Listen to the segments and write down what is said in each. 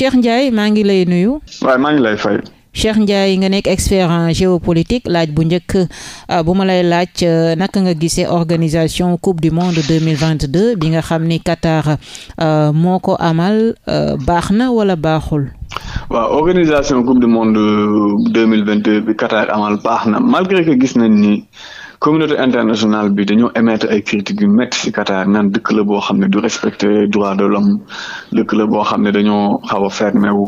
Cheikh Ndiaye maa ngi lay nuyu. waaw maa ngi lay fay. Cheikh Ndiaye nga nekk expert en géopolitique laaj bu njëkk euh, bu ma lay laaj euh, naka nga gisee organisation coupe du monde deux mille vingt deux bi nga xam ni Qatar euh, moo ko amal baax na wala baaxul. waaw organisation coupe du monde vingt Qatar amal baax na malgré que gis nañ ni. communauté internationale bi dañoo émetre ay critiques yu métti si Qatar naan dëkk la boo xam ne du respecter droit de l'homme dëkk la boo xam ne dañoo xaw a fermé wu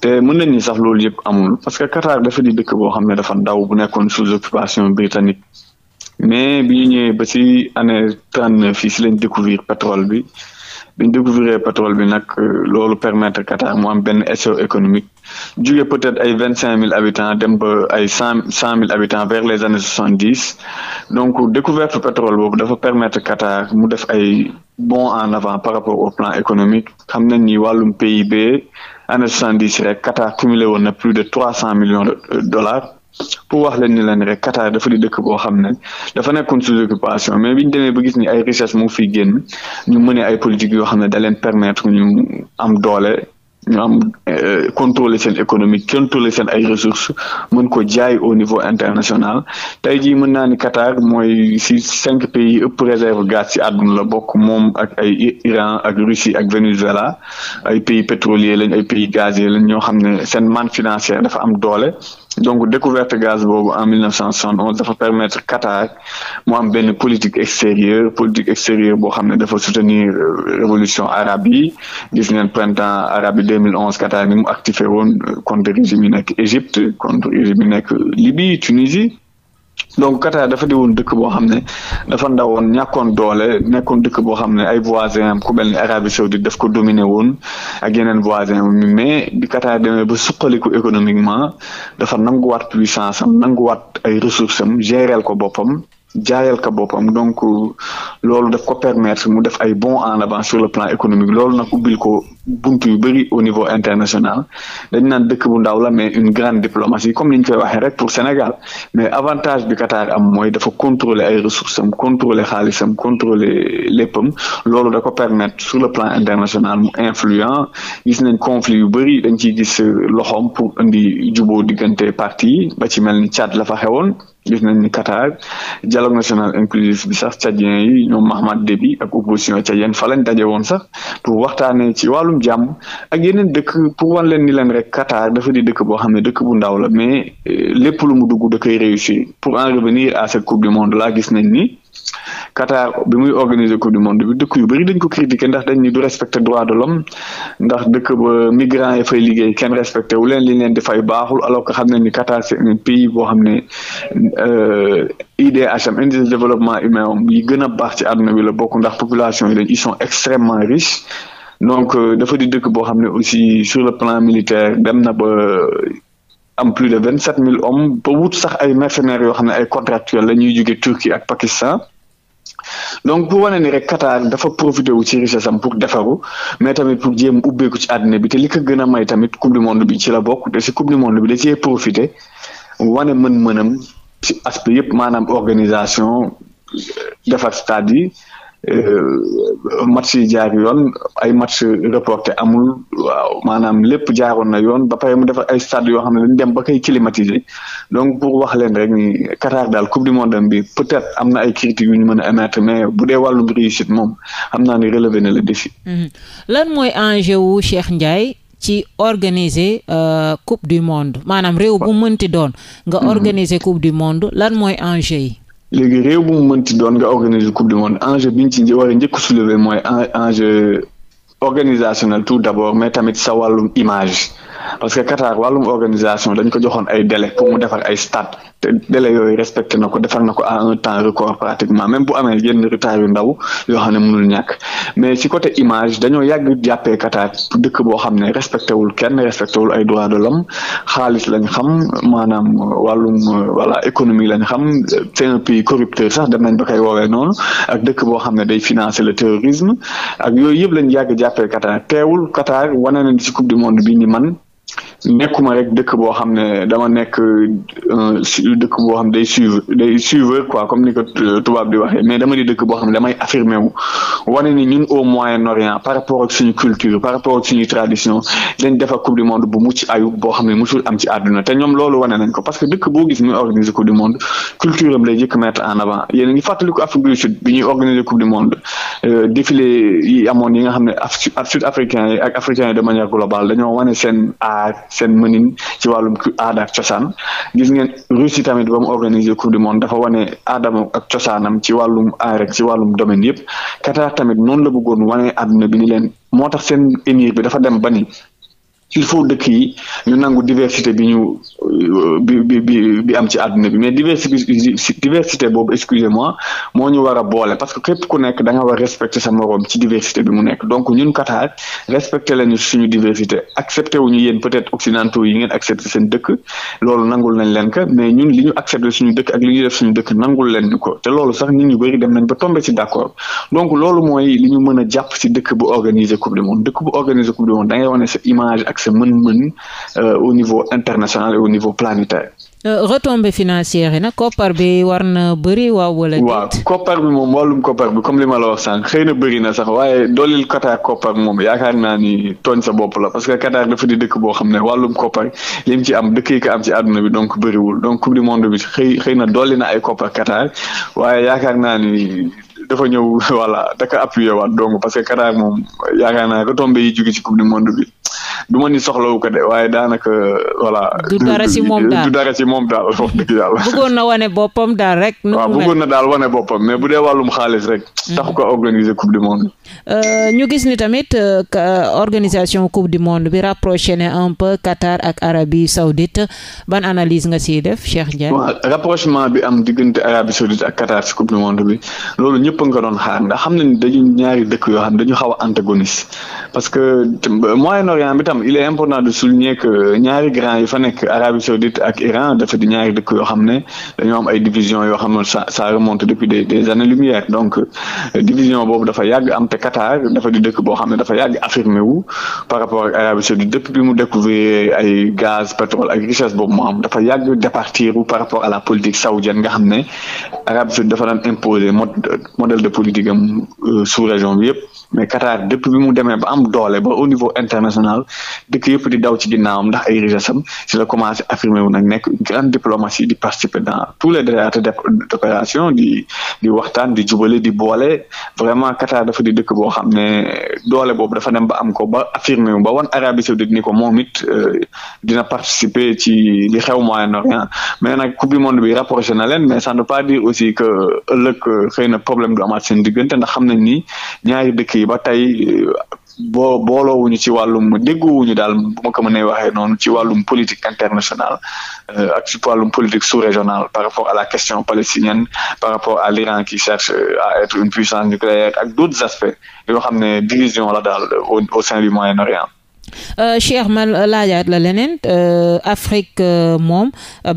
te mën nañ ni sax loolu yëpp amul parce que Qatar dafa di dëkk boo xam ne dafa ndaw bu nekkoon sous occupation britannique mais bi ñu ñëwee ba si année trente fii si ci lañ découvrir pétrole bi bi ñu découvrir pétrole bi nag euh, loolu permettre Qatar mu am benn essor économique jóge peut-être ay vingt cinq mille habitants dem ay cent cent mille habitants vers les années soixante dix donc découverte pétrole boobu dafa permettre Qatar mu def ay bon en avant par rapport au plan économique xam nañ ni wàllum PIB année soixante dix rek Qatar cumulé woon na plus de trois cent millions de euh, dollars pour wax leen ni leen rek Qatar dafa di dëkk boo xam ne dafa nekkoon sous occupation mais bi ñu demee ba gis ni ay richesse mu fiy génn ñu mënee ay politique yoo xam ne daleen leen ñu am doole ñu am euh, contrôler seen économique contrôler seen ay ressources mën ko jaay au niveau international tey jii mën naa ni Qatar mooy si cinq pays ëpp réserve gaz ci àdduna la bokk moom ak ay Iran ak Russie ak Venezuela ay pays pétrolier lañ ay pays gazier lañ ñoo xam ne seen manne financière dafa am doole donc découverte gaz boobu en 1971 dafa permettre Qatar mu am benn politique extérieure politique extérieure boo xam ne dafa soutenir euh, révolution arabe yi gis ngeen printemps arabe yi 2011 Qatar ni mu activé woon euh, contre régime yi nekk Égypte contre régime yi nekk Libye Tunisie donc Qatar dafa di woon dëkk boo xam ne dafa ndawoon ñàkkoon doole nekkoon dëkk boo xam ne ay voisins am ku mel ni Arabie daf ko dominé woon ak yeneen voisins mais bi Qatar demee ba suqaliku économiquement dafa nanguwaat puissance am nanguwaat ay ressources am géreel ko boppam jaayal ka boppam donc loolu daf ko permettre mu def ay bon en avant sur le plan économique loolu nag ubbil ko buntu yu bëri au niveau international dañ naan dëkk bu ndaw la mais une grande diplomatie comme ni koy waxee rek pour Sénégal mais avantage bi Qatar am mooy dafa contrôler ay ressources am contrôler xaalisam contrôler léppam loolu da ko permettre sur le plan international mu influent gis nañ conflit yu bëri dañ ciy gis loxoom pour indi juboo diggante parti yi ci mel ni Tchad la fa xewoon gis nañ ni Qatar dialogue national inclusif bi sax tchadien yi ñoom Mahamat Déby ak opposition tchadienne fa lañ daje woon sax pour waxtaanee ci wàllum jàmm ak yeneen dëkk pour wan leen ni leen rek Qatar dafa di dëkk boo xam ne dëkk bu ndaw la mais euh, lépp lu mu dugg da koy réussir pour en revenir à cette coupe du monde laa gis nañ ni Qatar bi muy organiser coupe du monde bi dëkk yi bëri dañ ko critiquer ndax dañ ni du respecte droit de l'homme ndax dëkk ba migrants yi fay liggéey kenn respecté wu leen li leen di fay baaxul alors que xam nañ ni Qatar c'est pays boo xam ne euh, IDHM indice de développement humain om yi gën a baax ci àdduna bi la bokk ndax population yi dañ ils sont extrêmement riches donc euh, dafa di dëkk boo xam ne aussi sur le plan militaire dem na ba euh, am plus de vingt sept mille hommes ba wut sax ay yoo xam ne ay contractuels la ñuy jóge Turquie ak Pakistan donc pour wane ni rek Qatar dafa profité wu ci richesse am pour defaru mais tamit pour jéem ubbeeku ci àddina bi te li ko gën a may tamit coupe du monde bi ci la bokk de si coupe du monde bi da cee profité wane mën-mënam ci aspect yëpp maanaam organisation defar stade yi Euh, match yi jaar yoon ay match reporté amul waaw maanaam lépp jaaroon na yoon ba pare mu defar ay stade yoo xam ne dañ dem ba koy climatiser donc pour wax leen rek ni Qatar daal coupe du monde bi peut-être am na ay critiques yu ñu a émettre mais bu dee wàllum réussite moom xam naa ni relever na défi. Mhm. lan mooy enjeu wu Cheikh Ndiaye. ci organiser euh, coupe du monde maanaam réew bu mënti doon. nga mhm. organiser coupe du monde lan mooy enjeu yi. léegi réew bu mu mënti doon nga organiser coupe du monde enjeu bi ñu ci war a njëkk soulever mooy enjeu organisationnel tout d'abord mais tamit sa wàllum image parce que Qatar wàllum organisation dañ ko joxoon ay délai pour mu defar ay stade te délai yooyu na ko defar na ko à un temps record pratiquement même bo amee yenn retard yu ndaw yoo xam ne mënul ñàkk mais ci côté image dañoo yàgg jàppee Qatar dëkk boo xam ne respecté wul kenn respecté wul ay droits de l'homme xaalis lañ xam maanaam wàllum voilà économie lañ xam c'est un pays corrupteur sax dem nañ ba koy woowee noonu ak dëkk boo xam ne day financer le terrorisme ak yooyu yëpp lañ yàgg jàppee Qatar teewul Qatar wane nañ ci coupe du monde bi ni man nekkuma rek dëkk boo xam ne dama nekk euh, dëkk boo xam day suivre day suivre quoi comme ni ko tubaab di waxee mais dama di dëkk boo xam ne damay affirmer wu wane ni ñun au Moyen-Orient par rapport ak suñu culture par rapport ak suñu tradition dañ defar coupe du monde bu mucc ayub boo xam ne musul am ci àdduna te ñoom loolu wane nañ parce que dëkk boo gis muy organiser coupe du monde culture am lay jëkk mettre en avant yéen ngi fàttaliku Afrique bi ñuy organiser coupe du monde euh, défilé yi amoon nga xam ne sud africain yi ak africain yi de manière globale dañoo wane seen art seen mënin ci wàllum aada ak cosaan gis ngeen Russie tamit ba mu organiser coupe du moon dafa wane aadama ak cosaanam ci wàllum aar rek ci wàllum domaine yëpp Qatar tamit noonu la bëggoon wane àdduna bi ni leen moo tax seen émir bi dafa dem ba ni il faut dëkk yi ñu nangu diversité bi ñu bi bi bi bi am ci àdduna bi mais diversité diversité boobu excusez moo ñu war a boole parce que képp ku nekk da nga war respecter sa moroom ci diversité bi mu nekk donc ñun Qatar respecté lañu suñu diversité accepté wuñu yéen peut-être occidentaux yi ngeen accepté seen dëkk loolu nangul nañ leen ko mais ñun li ñu accepté suñu dëkk ak li ñu def suñu dëkk nangul leen ñu ko te loolu sax nit ñu bëri dem nañ ba tombé ci d'accord donc loolu mooy li ñu mën a jàpp ci dëkk bu organiser coupe du dëkk bu organiser coupe ak sa mën-mën euh, au niveau international et au niveau planétaire. Euh, retombées financières yi nag koppar bi war na bëri waaw wala. waaw koppar bi moom wàllum koppar bi comme li ma la wax sànq xëy na bëri na sax waaye dooleel Qatar koppar moom yaakaar naa ni tooñ sa bopp la parce que Qatar dafa di dëkk boo xam ne wàllum koppar li ci am dëkk yi ko am ci àdduna bi donc bëriwul donc coupe du monde bi xëy xëy na dolli na ay koppar Qatar waaye yaakaar naa ni. dafa ñëw voilà daka appuyer waat donc parce que Qatar moom yaakaar naa retombé yi jóge ci coupe du monde du ma ni ko de waaye daanaka voilà. du dara ci moom daal du dara ci moom daal wax dëgg na wane boppam daal rek. nu waaw na daal wane boppam mais bu dee wàllum xaalis rek. Mm. taxu ko organiser coupe du monde. Euh, ñu gis ni tamit euh, organisation coupe du monde bi rapproché ne un peu Qatar ak Arabie Saoudite ban analyse nga ciy def Cheikh Ndiaye. waaw rapprochement bi am diggante Arabie Saoudite ak Qatar ci coupe du monde bi loolu ñëpp nga doon xaar ndax xam nañu dañu ñaari dëkk yoo xam dañu xaw a parce que Moyen-Orient itam il est important de souligner que ñaari grand yi fa nekk Arabie Saoudite ak Iran dafa di ñaari dëkk yoo xam ne dañoo am ay division yoo xam ne ça ça remonte depuis des des années lumière donc euh, division boobu dafa yàgg am te Qatar dafa di dëkk boo xam ne dafa yàgg affirmé wu par rapport ak Arabie Saoudite depuis bi mu découvrir ay gaz pétrole ak richesse boobu moo am dafa yàgg départir wu par rapport à la politique saoudienne nga xam ne Arabie Saoudite dafa daan imposer modèle de politique am euh, sous région bi yëpp mais Qatar depuis bi mu demee ba am doole ba au niveau international dëkk yëpp di daw ci ginnaawam ndax ay richesse am si la commencé affirmer wu nag nekk une grande diplomatie di participer dans tous les théâtres d'opération di di waxtaan di jubale di boole vraiment Qatar dafa di dëkk boo xam ne doole boobu dafa dem ba am ko ba affirmer wu ba wan Arabie saoudite ni ko moom it euh, dina participer ci li xew Moyen-Orient mais nag coupe monde bi rapproché na leen mais ça ne veut pas dire aussi que ëllëg euh, xëy na problème du amaat seen diggante ndax xam nañ ni ñaari boo booloowuñu ci wàllum déggoowuñu daal bu ma ko mënee waxee noonu ci wàllum politique internationale euh, ak ci wàllum politique sous-régionale par rapport à la question palestinienne par rapport à l'Iran qui cherche euh, à être une puissance nucléaire ak d'autres aspects yoo xam ne division la daal au sein du Moyen-Orient Euh, Cheikh ma laajaat la leneen euh, Afrique euh, moom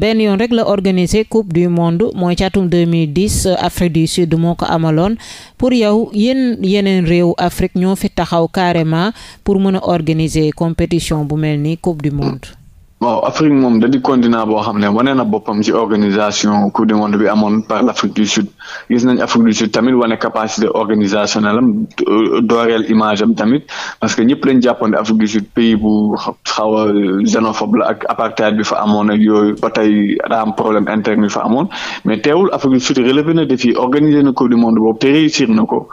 benn yoon rek la organiser coupe du monde mooy caatum 2010 Afrique du Sud moo ko amaloon pour yow yéen yeneen réew Afrique ñoo fi taxaw carrément pour mën a organiser compétition bu mel ni coupe du monde. bon Afrique moom da di continent boo xam ne wane na boppam si organisation coupe du monde bi amoon par l' Afrique du Sud gis nañ Afrique du Sud tamit wane capacité organisationnelle am dooreel image am tamit parce que ñëpp lañ jàppoon ne Afrique du Sud pays xaw a xénophobe la ak apartheid bi fa amoon ak yooyu ba tey daa am problème interne bi fa amoon mais teewul Afrique du Sud relevé na défi organiser na coupe du monde boobu te réussir na ko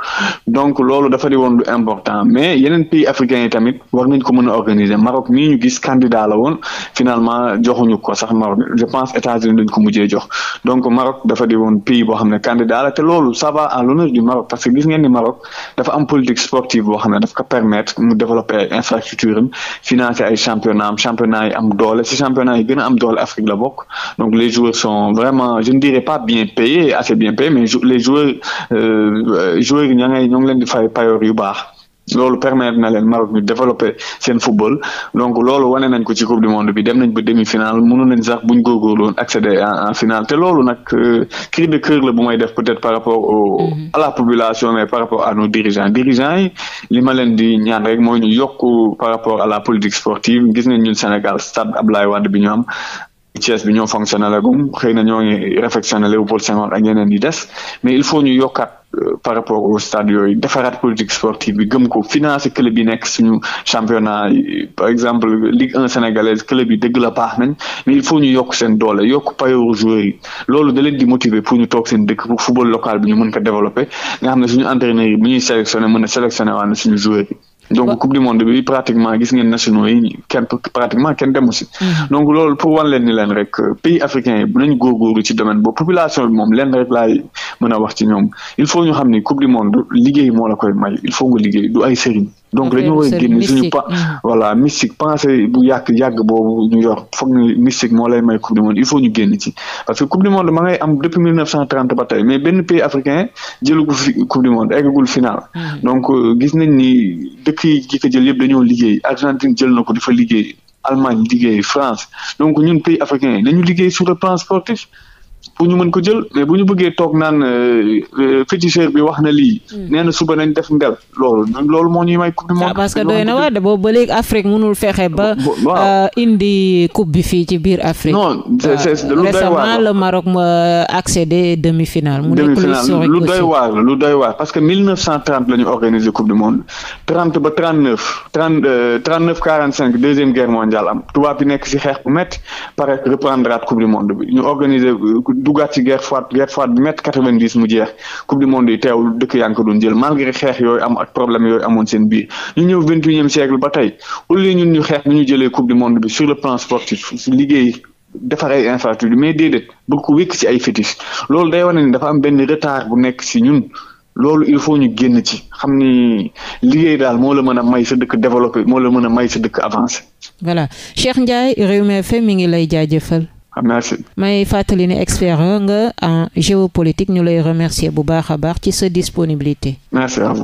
donc loolu dafa di woon lu important mais yeneen pays africains yi tamit war nañ ko mën a organiser Maroc nii ñu gis candidat la woon. finalement joxuñu ko sax Maroc je pense États-Unis dañ ko mujjee jox donc Maroc dafa di woon pays boo xam ne candidat la te loolu ça va en du Maroc parce que gis ngeen ni Maroc dafa am politique sportive boo xam ne dafa ko permettre mu développer ay infrastructure am financer ay championnat am championnat am doole si championnat yi gën am doole Afrique la bokk donc les joueurs sont vraiment je ne dirais pas bien payés assez bien payés mais les joueurs euh, joueurs ñoo ngi leen di fay payoor yu baax loolu permettre na leen Maroc ñu développer seen football donc loolu wane nañ ko ci coupe du monde bi dem nañ ba demi finale mënu nañ sax buñ góorgóorloon accéder en en finale te loolu nag euh, cri de cœur la bu may def peut-être par rapport au mm-hmm. la population mais par rapport à nos dirigeants dirigeants yi li ma leen di ñaan rek mooy ñu yokk par rapport à la politique sportive gis nañ ñun Sénégal stade Abdoulaye Wade bi ñu am Thiès bi ñoo fonctionné gum xëy na ñoo ngi réfectionné Léopold Senghor ak yeneen yi des mais il faut ñu yokkaat par rapport au stade yooyu defaraat politique sportive bi gëm ko financer club yi nekk suñu championnat par exemple Ligue 1 sénégalaise club yi dëgg la baax nañ mais il faut ñu yokk seen doole yokk payooru joueurs yi loolu da leen di motiver pour ñu toog seen dëkk pour football local bi ñu mën ko développer nga xam ne suñu entraîneur yi bu ñuy sélectionner mën a sélectionner waane suñu joueurs yi donc coupe du monde bi pratiquement gis ngeen nationaux yi kenn pratiquement kenn demu si. Mm-hmm. donc loolu pour wan leen ni leen rek euh, pays africain yi bu nañu góorgóorlu ci domaine boobu population bi moom leen rek laay mën a wax ci ñoom il faut ñu xam ni coupe du monde liggéey moo la koy may il faut nga liggéey du ay sëriñ. donc dañoo war a génn suñu pa hmm. voilà mystique pensée bu yàgg yàgg boobu ñu yor foog ni mystique moo lay may coupe du monde il faut ñu génn ci parce que coupe du monde ma ngay am depuis mille mais benn pays africain jëlagul fi coupe du monde eggagul hmm. donc euh, gis ni dëkk yi ki jël yëpp dañoo liggéey Argentine jël na ko liggéey Allemagne liggéey France donc ñun pays africain nañu liggéey sur le plan pour ñu mën ko jël mais bu ñu bëggee toog naan euh, euh, féticheur bi wax na lii. Hmm. nee na suba nañ def ndel loolu loolu moo ñu may coupe du ah, monde. parce que doy na waat boobu ba léegi Afrique mënul fexe ba. Euh, indi coupe bi fii ci biir Afrique. non c'est lu doy waar récemment le Maroc ma accédé demi lu doy waar lu doy waar parce que la ñu organisé coupe du monde 30 ba 39 30 39 45 deuxième guerre mondiale am tubaab bi nekk si xeex bu métti pare reprendraat coupe du monde bi ñu organisé. duggaat ci guerre froide guerre froide bi mètre quatre-vingt-dix mu jeex coupe du monde yi teewul dëkk yaa ko doon jël malgré xeex yooyu am ak problème yooyu amoon seen biir ñu ñëw vingt et unième siècle bu ci loolu day wane ni dafa am benn retard bu nekk ci ñun loolu il faut ñu génn ci xam ni liggéey daal moo la mën a may sa dëkk développé moo la mën a may sa dëkk avancé. voilà Cheikh Ndiaye Rewmi FM mi ngi lay jaajëfal. xam ah, naa si. may fàttali ne expert nga en géopolitique ñu lay remercier bu baax a baax ci sa disponibilité. merci à vous.